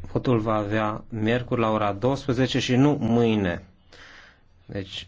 Votul va avea miercuri la ora 12 și nu mâine. Deci